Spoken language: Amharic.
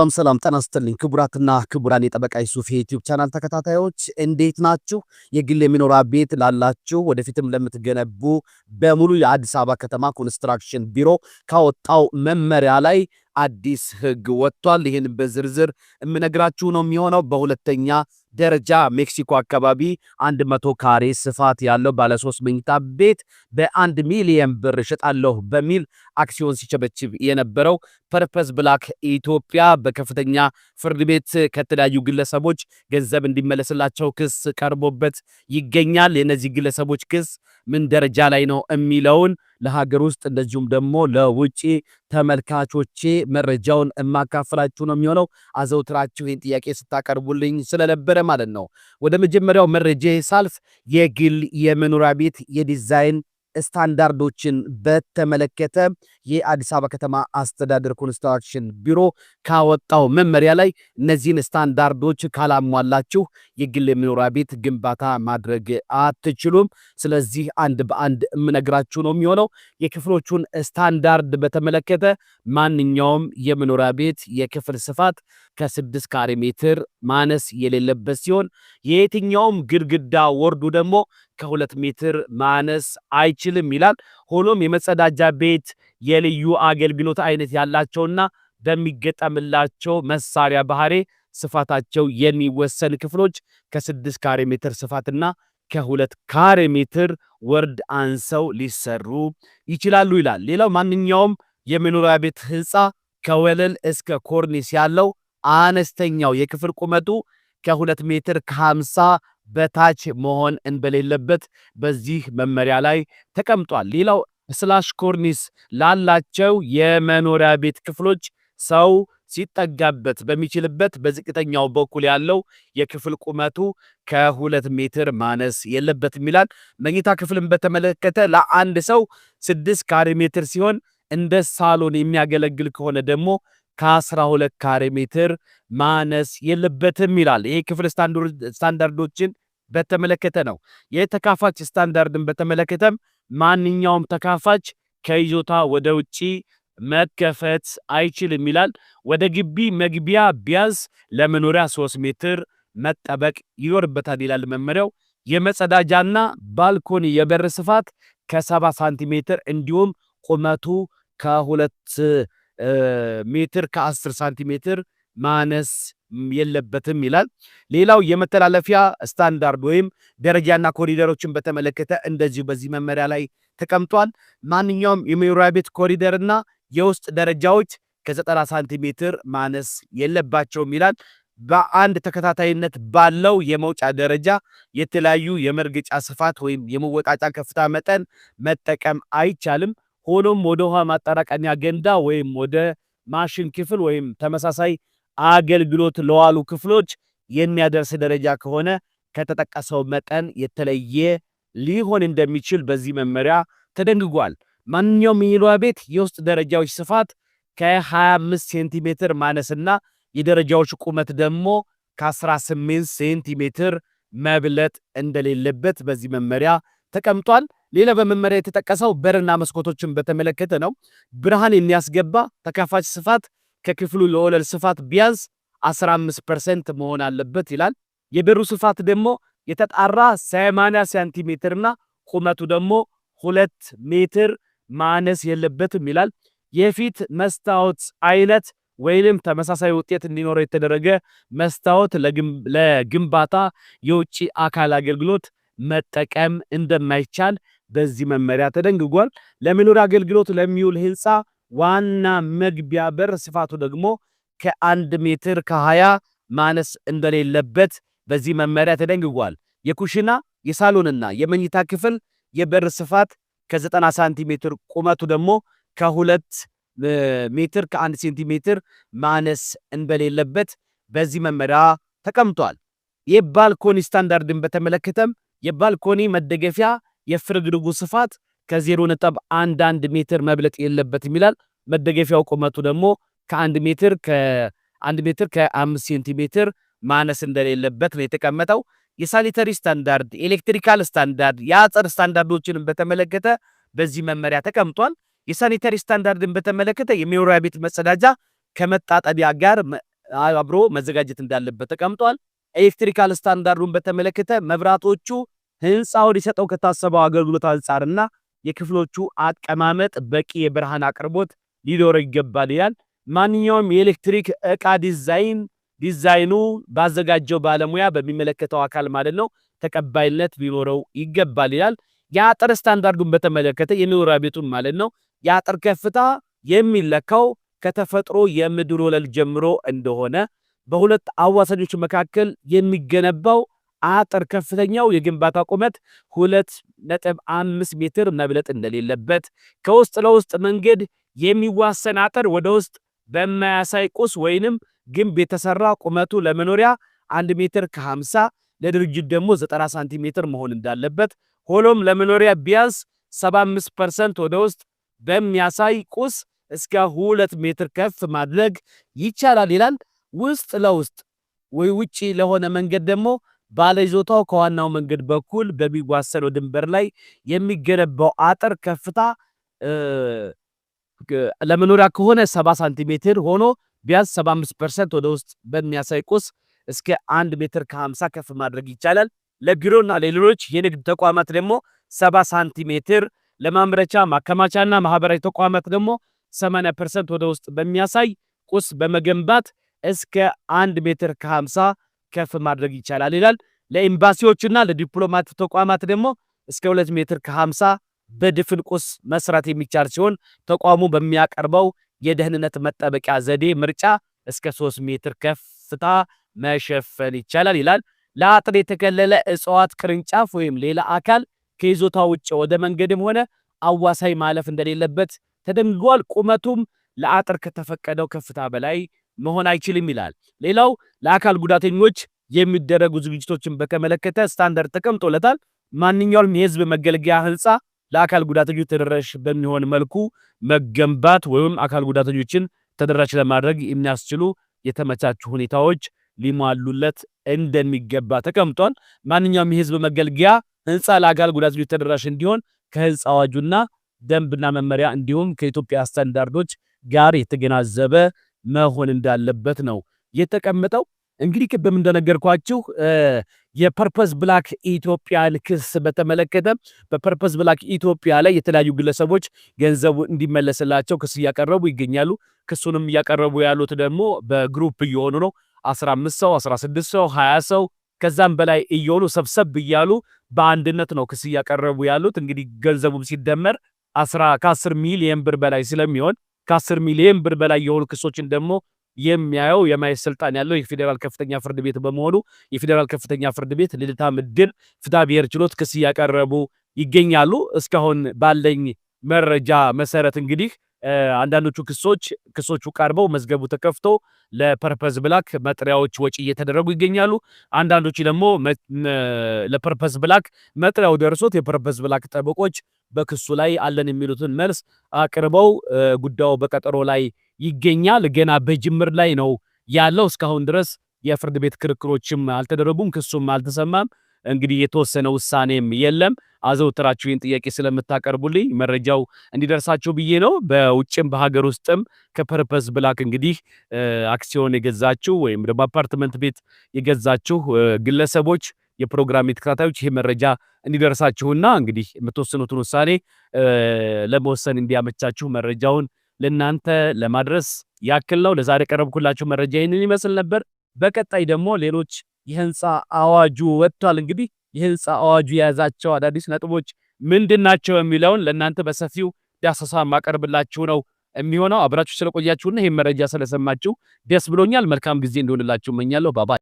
ሰላም ሰላም ጤና ይስጥልኝ ክቡራትና ክቡራን የጠበቃ ዩሱፍ የዩቲዩብ ቻናል ተከታታዮች እንዴት ናችሁ? የግል የሚኖሪያ ቤት ላላችሁ ወደፊትም ለምትገነቡ በሙሉ የአዲስ አበባ ከተማ ኮንስትራክሽን ቢሮ ካወጣው መመሪያ ላይ አዲስ ሕግ ወጥቷል። ይህን በዝርዝር የምነግራችሁ ነው የሚሆነው በሁለተኛ ደረጃ ሜክሲኮ አካባቢ 100 ካሬ ስፋት ያለው ባለ 3 መኝታ ቤት በ1 ሚሊየን ብር ሸጣለሁ በሚል አክሲዮን ሲቸበችብ የነበረው ፐርፐስ ብላክ ኢትዮጵያ በከፍተኛ ፍርድ ቤት ከተለያዩ ግለሰቦች ገንዘብ እንዲመለስላቸው ክስ ቀርቦበት ይገኛል። የእነዚህ ግለሰቦች ክስ ምን ደረጃ ላይ ነው የሚለውን ለሀገር ውስጥ እንደዚሁም ደግሞ ለውጭ ተመልካቾቼ መረጃውን የማካፈላችሁ ነው የሚሆነው። አዘውትራችሁ ይህን ጥያቄ ስታቀርቡልኝ ስለነበረ ማለት ነው። ወደ መጀመሪያው መረጃ ሳልፍ የግል የመኖሪያ ቤት የዲዛይን ስታንዳርዶችን በተመለከተ የአዲስ አበባ ከተማ አስተዳደር ኮንስትራክሽን ቢሮ ካወጣው መመሪያ ላይ እነዚህን ስታንዳርዶች ካላሟላችሁ የግል የመኖሪያ ቤት ግንባታ ማድረግ አትችሉም። ስለዚህ አንድ በአንድ የምነግራችሁ ነው የሚሆነው። የክፍሎቹን ስታንዳርድ በተመለከተ ማንኛውም የመኖሪያ ቤት የክፍል ስፋት ከስድስት ካሬ ሜትር ማነስ የሌለበት ሲሆን የየትኛውም ግድግዳ ወርዱ ደግሞ ከሁለት ሜትር ማነስ አይችልም ይላል። ሆኖም የመጸዳጃ ቤት የልዩ አገልግሎት አይነት ያላቸውና በሚገጠምላቸው መሳሪያ ባህሪ ስፋታቸው የሚወሰን ክፍሎች ከስድስት ካሬ ሜትር ስፋትና ከሁለት ካሬ ሜትር ወርድ አንሰው ሊሰሩ ይችላሉ ይላል። ሌላው ማንኛውም የመኖሪያ ቤት ህንፃ ከወለል እስከ ኮርኒስ ያለው አነስተኛው የክፍል ቁመቱ ከሁለት ሜትር ከሃምሳ በታች መሆን እንደሌለበት በዚህ መመሪያ ላይ ተቀምጧል። ሌላው ስላሽ ኮርኒስ ላላቸው የመኖሪያ ቤት ክፍሎች ሰው ሲጠጋበት በሚችልበት በዝቅተኛው በኩል ያለው የክፍል ቁመቱ ከሁለት ሜትር ማነስ የለበትም ይላል። መኝታ ክፍልን በተመለከተ ለአንድ ሰው ስድስት ካሬ ሜትር ሲሆን እንደ ሳሎን የሚያገለግል ከሆነ ደግሞ ከ12 ካሬ ሜትር ማነስ የለበትም ይላል። ይሄ ክፍል ስታንዳርዶችን በተመለከተ ነው። የተካፋች ስታንዳርድን በተመለከተም ማንኛውም ተካፋች ከይዞታ ወደ ውጪ መከፈት አይችልም ይላል። ወደ ግቢ መግቢያ ቢያንስ ለመኖሪያ 3 ሜትር መጠበቅ ይኖርበታል ይላል መመሪያው። የመጸዳጃና ባልኮኒ የበር ስፋት ከ70 ሳንቲሜትር እንዲሁም ቁመቱ ከሁለት ሜትር ከ10 ሳንቲሜትር ማነስ የለበትም ይላል። ሌላው የመተላለፊያ ስታንዳርድ ወይም ደረጃና ኮሪደሮችን በተመለከተ እንደዚሁ በዚህ መመሪያ ላይ ተቀምጧል። ማንኛውም የመኖሪያ ቤት ኮሪደርና የውስጥ ደረጃዎች ከ90 ሳንቲሜትር ማነስ የለባቸውም ይላል። በአንድ ተከታታይነት ባለው የመውጫ ደረጃ የተለያዩ የመርገጫ ስፋት ወይም የመወጣጫ ከፍታ መጠን መጠቀም አይቻልም። ሆኖም ወደ ውሃ ማጠራቀሚያ ገንዳ ወይም ወደ ማሽን ክፍል ወይም ተመሳሳይ አገልግሎት ለዋሉ ክፍሎች የሚያደርስ ደረጃ ከሆነ ከተጠቀሰው መጠን የተለየ ሊሆን እንደሚችል በዚህ መመሪያ ተደንግጓል። ማንኛውም የሚሏ ቤት የውስጥ ደረጃዎች ስፋት ከ25 ሴንቲሜትር ማነስና የደረጃዎች ቁመት ደግሞ ከ18 ሴንቲሜትር መብለጥ እንደሌለበት በዚህ መመሪያ ተቀምጧል። ሌላ በመመሪያ የተጠቀሰው በርና መስኮቶችን በተመለከተ ነው። ብርሃን የሚያስገባ ተካፋች ስፋት ከክፍሉ ለወለል ስፋት ቢያንስ 15 ፐርሰንት መሆን አለበት ይላል። የበሩ ስፋት ደግሞ የተጣራ 80 ሳንቲሜትርና ቁመቱ ደግሞ ሁለት ሜትር ማነስ የለበትም ይላል። የፊት መስታወት አይነት ወይንም ተመሳሳይ ውጤት እንዲኖረው የተደረገ መስታወት ለግንባታ የውጭ አካል አገልግሎት መጠቀም እንደማይቻል በዚህ መመሪያ ተደንግጓል። ለመኖሪያ አገልግሎት ለሚውል ህንፃ ዋና መግቢያ በር ስፋቱ ደግሞ ከአንድ ሜትር ከሀያ ማነስ እንደሌለበት በዚህ መመሪያ ተደንግጓል። የኩሽና የሳሎንና የመኝታ ክፍል የበር ስፋት ከ90 ሳንቲሜትር ቁመቱ ደግሞ ከሁለት ሜትር ከአንድ ሴንቲሜትር ማነስ እንደሌለበት በዚህ መመሪያ ተቀምጧል። የባልኮኒ ስታንዳርድን በተመለከተም የባልኮኒ መደገፊያ የፍርግርጉ ስፋት ከ0.11 ሜትር መብለጥ የለበትም ይላል። መደገፊያው ቁመቱ ደግሞ ከ1 ሜትር ከ1 ሜትር ከ5 ሴንቲሜትር ማነስ እንደሌለበት ነው የተቀመጠው። የሳኒተሪ ስታንዳርድ፣ ኤሌክትሪካል ስታንዳርድ፣ የአፀር ስታንዳርዶችንም በተመለከተ በዚህ መመሪያ ተቀምጧል። የሳኒተሪ ስታንዳርድን በተመለከተ የመኖሪያ ቤት መጸዳጃ ከመጣጠቢያ ጋር አብሮ መዘጋጀት እንዳለበት ተቀምጧል። ኤሌክትሪካል ስታንዳርዱን በተመለከተ መብራቶቹ ህንፃው ሊሰጠው ከታሰበው አገልግሎት አንጻርና የክፍሎቹ አቀማመጥ በቂ የብርሃን አቅርቦት ሊኖረው ይገባል ይላል። ማንኛውም የኤሌክትሪክ እቃ ዲዛይን ዲዛይኑ ባዘጋጀው ባለሙያ በሚመለከተው አካል ማለት ነው ተቀባይነት ሊኖረው ይገባል ይላል። የአጥር ስታንዳርዱን በተመለከተ የመኖሪያ ቤቱን ማለት ነው የአጥር ከፍታ የሚለካው ከተፈጥሮ የምድር ወለል ጀምሮ እንደሆነ በሁለት አዋሳኞች መካከል የሚገነባው አጥር ከፍተኛው የግንባታ ቁመት 2.5 ሜትር መብለጥ እንደሌለበት ከውስጥ ለውስጥ መንገድ የሚዋሰን አጥር ወደ ውስጥ በማያሳይ ቁስ ወይንም ግንብ የተሰራ ቁመቱ ለመኖሪያ 1 ሜትር ከ50 ለድርጅት ደግሞ 90 ሳንቲሜትር መሆን እንዳለበት ሆኖም ለመኖሪያ ቢያንስ 75 ፐርሰንት ወደ ውስጥ በሚያሳይ ቁስ እስከ 2 ሜትር ከፍ ማድረግ ይቻላል ይላል። ውስጥ ለውስጥ ወይ ውጪ ለሆነ መንገድ ደግሞ ባለይዞታው ከዋናው መንገድ በኩል በሚዋሰነው ድንበር ላይ የሚገነባው አጥር ከፍታ ለመኖሪያ ከሆነ 70 ሳንቲሜትር ሆኖ ቢያንስ 75% ወደ ውስጥ በሚያሳይ ቁስ እስከ 1 ሜትር ከ50 ከፍ ማድረግ ይቻላል። ለቢሮና ለሌሎች የንግድ ተቋማት ደግሞ 70 ሳንቲሜትር፣ ለማምረቻ ማከማቻና ማህበራዊ ተቋማት ደግሞ 80% ወደ ውስጥ በሚያሳይ ቁስ በመገንባት እስከ አንድ ሜትር ከ50 ከፍ ማድረግ ይቻላል ይላል። ለኤምባሲዎችና ለዲፕሎማት ተቋማት ደግሞ እስከ 2 ሜትር ከ50 በድፍን ቁስ መስራት የሚቻል ሲሆን ተቋሙ በሚያቀርበው የደህንነት መጠበቂያ ዘዴ ምርጫ እስከ 3 ሜትር ከፍታ መሸፈን ይቻላል ይላል። ለአጥር የተከለለ እጽዋት ቅርንጫፍ ወይም ሌላ አካል ከይዞታ ውጭ ወደ መንገድም ሆነ አዋሳኝ ማለፍ እንደሌለበት ተደንግጓል። ቁመቱም ለአጥር ከተፈቀደው ከፍታ በላይ መሆን አይችልም ይላል። ሌላው ለአካል ጉዳተኞች የሚደረጉ ዝግጅቶችን በተመለከተ ስታንዳርድ ተቀምጦለታል። ማንኛውም የህዝብ መገልገያ ህንፃ ለአካል ጉዳተኞች ተደራሽ በሚሆን መልኩ መገንባት ወይም አካል ጉዳተኞችን ተደራሽ ለማድረግ የሚያስችሉ የተመቻቹ ሁኔታዎች ሊሟሉለት እንደሚገባ ተቀምጧል። ማንኛውም የህዝብ መገልገያ ህንፃ ለአካል ጉዳተኞች ተደራሽ እንዲሆን ከህንፃ አዋጁና ደንብና መመሪያ እንዲሁም ከኢትዮጵያ ስታንዳርዶች ጋር የተገናዘበ መሆን እንዳለበት ነው የተቀመጠው። እንግዲህ ቅድም እንደነገርኳችሁ የፐርፐስ ብላክ ኢትዮጵያን ክስ በተመለከተ በፐርፐስ ብላክ ኢትዮጵያ ላይ የተለያዩ ግለሰቦች ገንዘቡ እንዲመለስላቸው ክስ እያቀረቡ ይገኛሉ። ክሱንም እያቀረቡ ያሉት ደግሞ በግሩፕ እየሆኑ ነው። 15 ሰው፣ 16 ሰው፣ 20 ሰው ከዛም በላይ እየሆኑ ሰብሰብ እያሉ በአንድነት ነው ክስ እያቀረቡ ያሉት። እንግዲህ ገንዘቡም ሲደመር ከ10 ሚሊየን ብር በላይ ስለሚሆን ከአስር ሚሊዮን ብር በላይ የሆኑ ክሶችን ደግሞ የሚያየው የማየት ስልጣን ያለው የፌዴራል ከፍተኛ ፍርድ ቤት በመሆኑ የፌዴራል ከፍተኛ ፍርድ ቤት ልደታ ምድብ ፍትሐ ብሔር ችሎት ክስ እያቀረቡ ይገኛሉ። እስካሁን ባለኝ መረጃ መሰረት እንግዲህ አንዳንዶቹ ክሶች ክሶቹ ቀርበው መዝገቡ ተከፍቶ ለፐርፐዝ ብላክ መጥሪያዎች ወጪ እየተደረጉ ይገኛሉ። አንዳንዶቹ ደግሞ ለፐርፐዝ ብላክ መጥሪያው ደርሶት የፐርፐዝ ብላክ ጠበቆች በክሱ ላይ አለን የሚሉትን መልስ አቅርበው ጉዳዩ በቀጠሮ ላይ ይገኛል። ገና በጅምር ላይ ነው ያለው። እስካሁን ድረስ የፍርድ ቤት ክርክሮችም አልተደረጉም፣ ክሱም አልተሰማም። እንግዲህ የተወሰነ ውሳኔም የለም። አዘውትራችሁ ይህን ጥያቄ ስለምታቀርቡልኝ መረጃው እንዲደርሳችሁ ብዬ ነው። በውጭም በሀገር ውስጥም ከፐርፐስ ብላክ እንግዲህ አክሲዮን የገዛችሁ ወይም ደግሞ አፓርትመንት ቤት የገዛችሁ ግለሰቦች የፕሮግራም የተከታታዮች ይህ መረጃ እንዲደርሳችሁና እንግዲህ የምትወስኑትን ውሳኔ ለመወሰን እንዲያመቻችሁ መረጃውን ለእናንተ ለማድረስ ያክል ነው። ለዛሬ ቀረብኩላችሁ መረጃ ይህንን ይመስል ነበር። በቀጣይ ደግሞ ሌሎች የህንፃ አዋጁ ወጥቷል። እንግዲህ የህንፃ አዋጁ የያዛቸው አዳዲስ ነጥቦች ምንድን ናቸው የሚለውን ለእናንተ በሰፊው ዳሰሳ ማቀርብላችሁ ነው የሚሆነው። አብራችሁ ስለቆያችሁና ይህን መረጃ ስለሰማችሁ ደስ ብሎኛል። መልካም ጊዜ እንደሆንላችሁ እመኛለሁ። ባባይ